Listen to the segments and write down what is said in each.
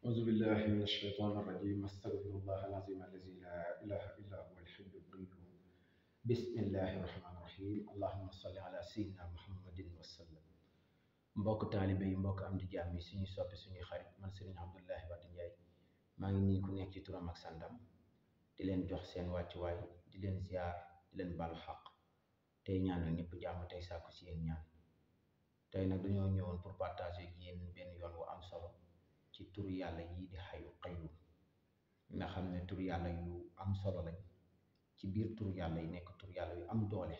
أعوذ بالله من الشيطان الرجيم أستغفر الله العظيم الذي لا إله إلا هو الحي القيوم بسم الله الرحمن الرحيم اللهم صل على سيدنا محمد وسلم mbokk taalibe yi mbokk am di jaam yi suñuy soppi suñuy xarit man sëriñ Abdoulahi Wade Ndiaye maa ngi nii ku nekk ci turam ak sandam di leen jox seen wàccuwaay di leen ziar di leen balu xaq tey ñaanal ñëpp jàmm tey sàkku ci yéen ñaan tey nag dañoo ñëwoon pour partager ak yéen benn yoon wu am solo ci tur yàlla yi di xayu qayyum nga xam ne tur yàlla yu am solo lañ ci biir tur yàlla yi nekk tur yàlla yu am doole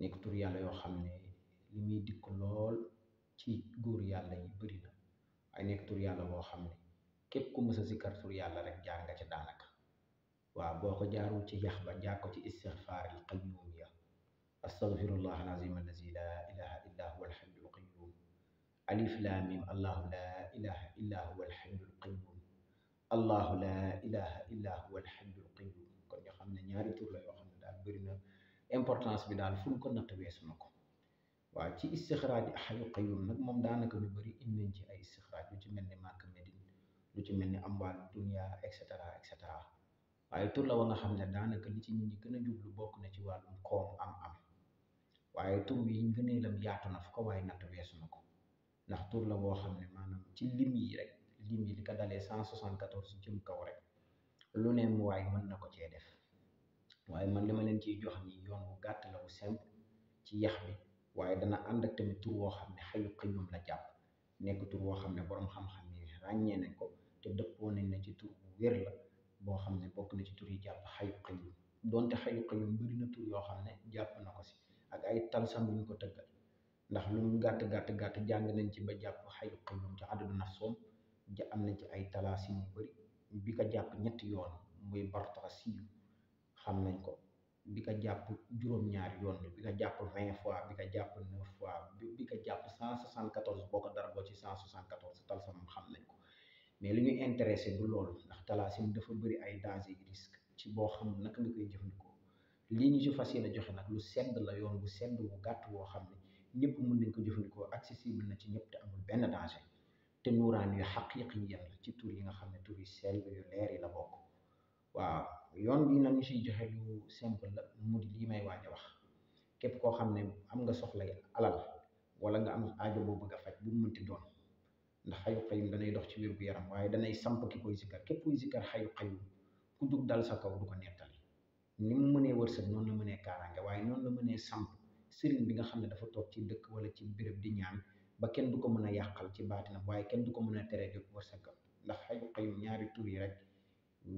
nekk tur yàlla yoo xam ne li muy dikk lool ci góor yàlla yi bëri na ay nekk tur yàlla boo xam ne képp ku mës sikar sikkar rek jaar nga ca daanaka waaw boo ko jaarul ci yax jaar ko ci istixfaar al qayyum ya astaghfirullah alazim allazi la ilaha illa huwa alhayyul qayyum alif lam mim allahu la إله إلا هو الحي القيوم allahu laa ilaha illa huwa alhayyul qayyum kon ñoo xam ñaari tur la yoo xam daal bëri na importance bi daal fu ñu ko natt weesu na ko waaw ci istixraaj alhayyul qayyum nag moom daanaka lu bëri indi nañ ci ay istixraaj lu ci mel ni Makka Medine lu ci mel ni amwaalu dunya et cetera et cetera waaye tur la wa nga xam ne daanaka li ci nit ñi gën jublu bokk na ci wàllum koom am am waaye tur yi ngëneelam yaatu na fu ko waaye natt weesu na ndax tur la boo xam ne maanaam ci lim yi rek lim yi li ko dalee cent soixante quatorze jëm kaw rek lu ne mu waay mën na ko cee def waaye man li ma leen ciy jox ni yoon bu gàtt la bu simple ci yax bi waaye dana ànd ak tamit tur woo xam ne xayu xëyum la jàpp nekk tur woo xam ne borom xam-xam yi ràññee nañ ko te dëppoo nañ ne ci tur bu wér la boo xam ne bokk na ci tur yi jàpp xayu xëyum donte xayu xëyum bëri na tur yoo xam ne jàpp na ko si ak ay talsam yuñ ko tëggal ndax lu mu gàtt gàtt gàtt jàng nañ ci ba jàpp xayu qayyum ci adadu nafsoom ja am nañ ci ay talaasim yu bëri bi ko jàpp ñetti yoon muy bartaasiyu xam nañ ko bi ka jàpp juróom-ñaari yoon bi ka jàpp fois bi ka jàpp neuf fois bi ka cent soixante quatorze boo ko dara boo ci cent soixante quatorze talsam xam nañ ko mais lu ñuy intéressé du loolu ndax talaasim dafa bëri ay danger risque ci boo xam naka nga koy jëfandikoo lii ñu ci fas yéene joxe nag lu sedd la yoon bu sedd bu gàtt woo xam ne ñépp mën nañ ko jëfandikoo accessible na ci ñëpp te amul benn danger te nuuraan yu xaqiiqi yan la ci tur yi nga xam ne tur yi sell yu leer yi la bokk waaw yoon bi nag ñu joxe lu simple la mu di lii may waaj wax képp koo xam ne am nga soxla alal wala nga am aajo boo bëgg a faj bu mu mënti doon ndax xayu xayum danay dox ci wér gu yaram waaye danay samp ki koy zikkar képp kuy zikkar xayu xayum ku jug dal sa kaw du ko nettali ni mu mënee wërsëg noonu la mënee kaaraange waaye noonu la mënee samp sëriñ bi nga xam ne dafa toog ci dëkk wala ci béréb di ñaan ba kenn du ko mën a yàqal ci baatinam waaye kenn du ko mën a tere jot wërsëgam ndax xayu xayum ñaari tur yi rek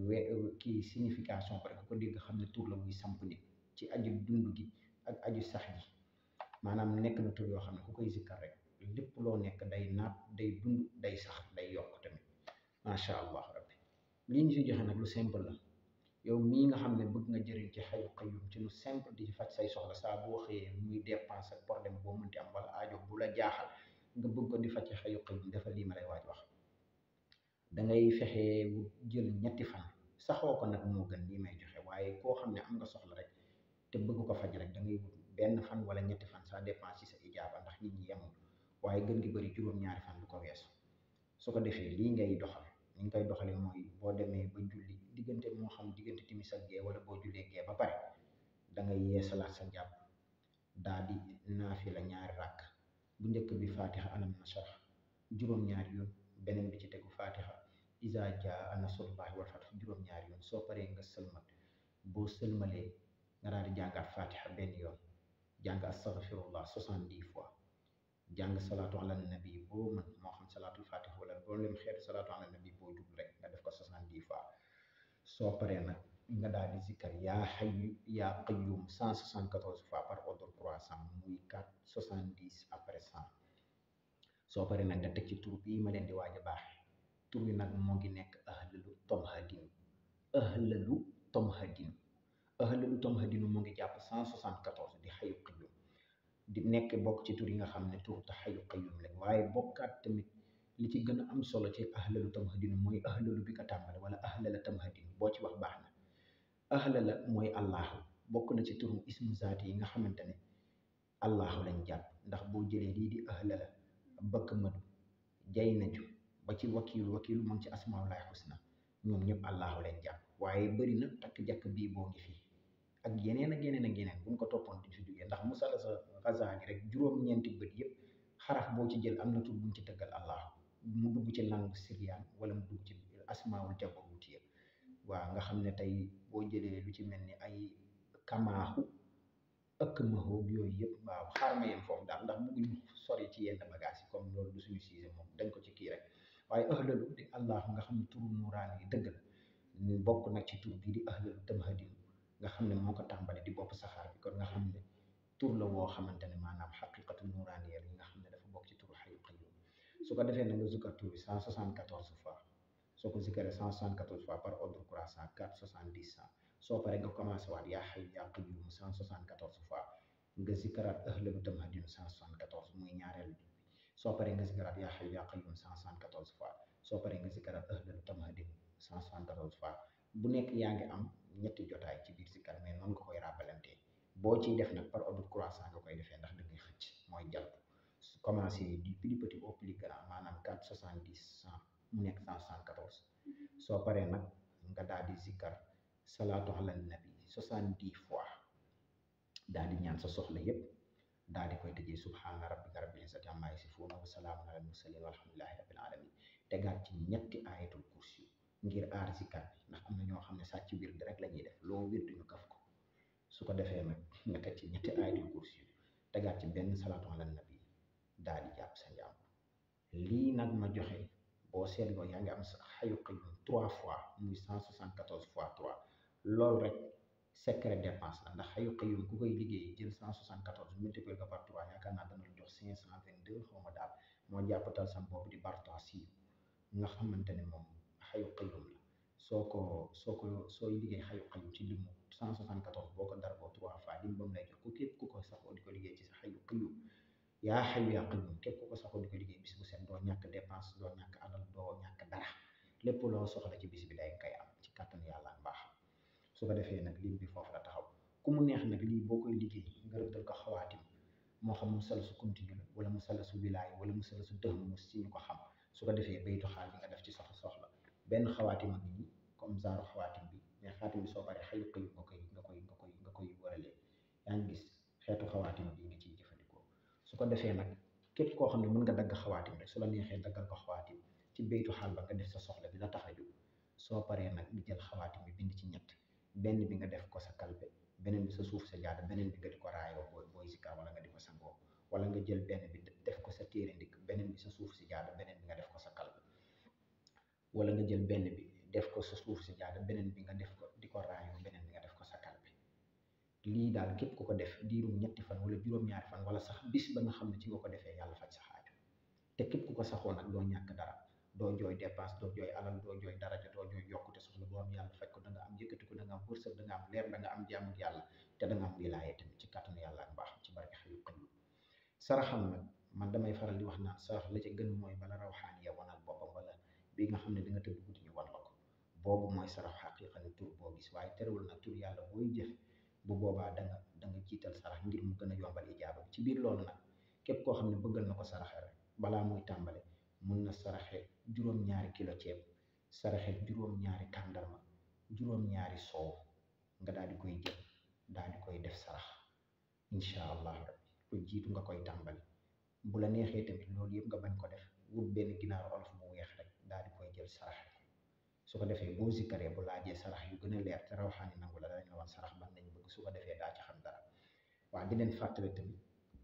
we kii signification ba rek ko dégg xam ne tur la buy samp nit ci aju dund gi ak aju sax ji maanaam nekk na tur yoo xam ne ku koy zikkar rek lépp loo nekk day naat day dund day sax day yokk tamit macha allah rabbi li ñu si joxe nag lu simple la yow mi nga xamne bëgg nga jëriñ ci xayu xëyum ci lu simple di fa say soxla sa bo xëyee muy dépense ak problème boo mënti am wala aajo bu la jaaxal nga bëgg ko di fa ci xayu xëyum dafa li ma lay waaj wax da ngay fexe jël ñetti fan saxo ko nak mo gën li may joxe waye ko xamne am nga soxla rek te bëgg ko faj rek da ngay wut benn fan wala ñetti fan sa dépend ci sa ijaaba ndax nit ñi yam waye gën gi bari juroom ñaari fan du ko wess su ko defee li ngay doxal niñ koy doxale mooy boo demee ba julli diggante moo xam diggante timis ak gee wala boo jullee gee ba pare da ngay yeesalaat sa njàpp daa di la ñaari ràkk bu njëkk bi fatiha alam nasrah juróom-ñaari yoon beneen bi ci tegu fatiha iza jaa nasrullahi wal fath juróom-ñaari yoon soo paree nga sëlmat boo sëlmalee nga daal di jàngaat fatiha benn yoon jàng astaghfirullah soixante-dix fois jang salatu ala nabi bo man mo xam salatu fatih wala bo lim xet salatu ala nabi bo djub rek nga def ko 70 fois so paré nak nga dal di zikr ya hayy ya qayyum 174 fois par ordre 300 muy 470 après 100 so paré nak nga tek ci tour bi ma len di waja bax tour bi nak mo ngi nek ahlul tamhadin ahlul tamhadin ahlul tamhadin mo ngi japp 174 di hayy qayyum di nekk bokk ci tur yi nga xam ne tur tax xayu qayyum lañ waaye bokkaat tamit li ci gën a am solo ci ahlalu tamhadin mooy ahlalu bi ka tàmbale wala ahlala tamhadin boo ci wax baax na ahlala mooy allahu bokk na ci turu ismu zaati yi nga xamante ne allahu lañ jàpp ndax boo jëlee lii di ahlala bakk madu jay naju ba ci wakiilu wakiilu moom ci asmaullahi na ñoom ñëpp allahu lañ jàpp waaye bëri na takk jàkk bii boo ngi fii ak yeneen ak yeneen ak yeneen bu ñu ko toppoon duñ fi jógee ndax musala sa Ghazali rek juróom-ñeenti bët yëpp xaraf boo ci jël am na tur bu ñu ci tëggal allah mu dugg ci langue syriane wala mu dugg ci asmaawul jabarutiya waaw nga xam ne tey boo jëlee lu ci mel ni ay kamaaxu ëkk mahoog yooyu yëpp waaw xaar ma yem foofu daal ndax bëgguñu sori ci yenn bagage yi comme loolu du suñu sujet moom dañ ko ci kii rek waaye ëhlalu di allah nga xam ne turu nuuraan yi dëgg la bokk nag ci tur bii di ëhlalu tamhadin nga xamne moko tambali di bop saxar bi kon nga xamne tour tur la wo xamantene manam haqiqatu nuraniya li nga xamne dafa bok ci tour xayu qayyum su ko defé na nga zikar tour 174 fois soo ko zikaree 174 fois par ordre croissant 470 ans so pare So nga commencé wat ya xayu ya qayyum 174 fois nga zikaraat ahlalu tamadin cent soixante quatorze muy ñaareel bi so pare nga zikaraat ya xayu ya qayyum 174 fois So pare nga zikaraat ahlalu tamadin cent soixante fois bu nek yaangi am ñetti jotaay ci biir sikkar mais noonu nga koy rappelante boo ciy def nag par ordre croissant nga koy defee ndax da ngay xëcc mooy jàpp commencé du plus petit au plus grand maanaam quatre soixante dix cent mu nekk cent soixante quatorze soo paree nag nga daal di sikkar salaatu ala nabi soixante dix fois daal di ñaan sa soxla yépp daal di koy tëjee subhaana rabbika rabbil izzati amma yasifuuna wa salaamun alal mursalin walhamdulillahi rabbil alamin tegaat ci ñetti ayatul kursi ngir aar zikar bi ndax am na ñoo xam ne sàcc wird rek la ñuy def loo wird ñu kaf ko su ko defee nag nga teg ci ñetti ayatul kursi tegaat ci benn salaatu ala nabi daal di jàpp sa njàmm lii nag ma joxe boo seetloo yaa ngi am sa xayu fois muy cent soixante loolu rek secret dépense la ndax xayu qayyum ku koy liggéey jël cent soixante quatorze multiplié par trois yaakaar naa dana jox daal moo jàppatal sam di barta si nga xamante ne moom xayu qayum la soo ko soo ko xayu qayum ci limu 174 boo ko 3 fa fois lim ba lay jox ko kep ku ko saxo di ko liggéey ci ya ya sa xayu qayum ya xayu yaa qayum képp ku ko saxo di ko liggéey bis bu set doo ñàkk dépense do ñak alal do ñak dara lepp lo soxla ci bis bi day kay am ci kàttan yalla ak mbaax su ko defé nak lim bi fofu la taxaw ku mu neex nak li bokoy koy liggéey nga rëddal ko xawaatim mo xam mu salasu continue la wala mu salasu wilaay wala mu salasu dëxm mu si ñu ko xam su ko defé beytu xal bi nga def ci soxla soxla ben xawaatim ak nii comme genre xawaatim bi mais xawaatim bi soo paree xayu xëyu nga koy nga koy nga koy nga koy waralee yaa ngi gis xeetu xawaatim bi nga ciy jëfandikoo su ko defee nag képp koo xam ne mën nga dagg xawaatim rek su la neexee daggal ko xawaatim ci béytu xaal ba nga def sa soxla bi la tax a jóg soo paree nag nga jël xawaatim bi bind ci ñett benn bi nga def ko sa kalpe beneen bi sa suuf sa jaada beneen bi nga di ko raayoo booy booy zikar wala nga di ko sangoo wala nga jël benn bi def ko sa téere ndik beneen bi sa suuf si jaada beneen bi nga def ko wala nga jël benn bi def ko sa suuf si jaada beneen bi nga def ko di ko raayoo beneen bi nga def ko sa kalpe lii daal képp ku ko def diirum ñetti fan wala juróom-ñaari fan wala sax bis ba nga xam ne ci nga ko defee yàlla faj sa xaaju te képp ku ko saxoo nag doo ñàkk dara doo jooy dépense doo jooy alal doo jooy daraja doo jooy yokkute soxla boo am yàlla faj ko da nga am yëkkati ko da nga am wërsëg da nga am leer da nga am jaamu yàlla te da nga am wilaaye tamit ci yàlla ak baax ci barke xayu xayu saraxam nag man damay faral di wax naan sarax la ca gën mooy bala rawxaan bii nga xam ne da nga tëdd guddi ñu war la ko boobu mooy sarax xaqiqa ni tur boo gis waaye terewul nag tur yàlla booy jëf bu boobaa da nga jiital sarax ngir mu gën a yombal ijaaba ci biir loolu nag képp koo xam ne bëggal na ko saraxe rek balaa muy tàmbale mun na saraxe juróom-ñaari kilo ceeb saraxe juróom-ñaari tàndarma juróom-ñaari soow nga daal di koy jël daal di koy def sarax incha allah nga koy tàmbali la neexee tamit loolu yëpp nga bañ ko def benn ginaaru rek daal di koy jël sarax su ko defee boo zikkaree bu laajee sarax yu gën a leer te rawaxaani nangu la dañ la wax sarax man nañ bëgg su ko defee daa ci xam dara waaye di leen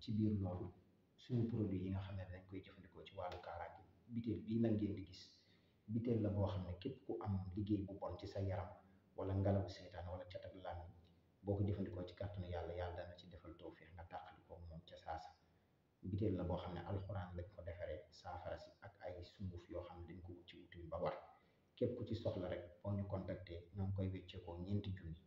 ci biir loolu suñu produit yi nga xam ne dañ koy jëfandikoo ci wàllu kaaraange biteel bii nag ngeen di gis biteel la boo xam ne képp ku am liggéey bu ci sa yaram wala ngelawu seytaan wala cat ak boo ko jëfandikoo ci kàttanu yàlla yàlla na ci defal tawfeex nga tàqali ko moom ca saasa biteel la boo xam ne alxuraan lañ ko defaree saafara si ay sunguf yoo xam ne dañ ko wuti wuti ba war képp ku ci soxla rek boo ñu contacter ñoo ngi koy wécceekoo ñeenti junni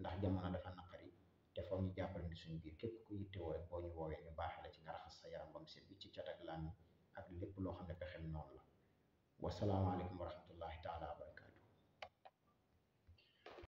ndax jamono dafa naqari te foog ñu jàppalante suñu biir képp ku yittewoo rek boo ñu woowee ñu baax la ci nga raxas sa yaram ba mu set bi ci cat ak làmmiñ ak lépp loo xam ne pexem noonu la wasalaamaaleykum wa rahmatullahi taala wa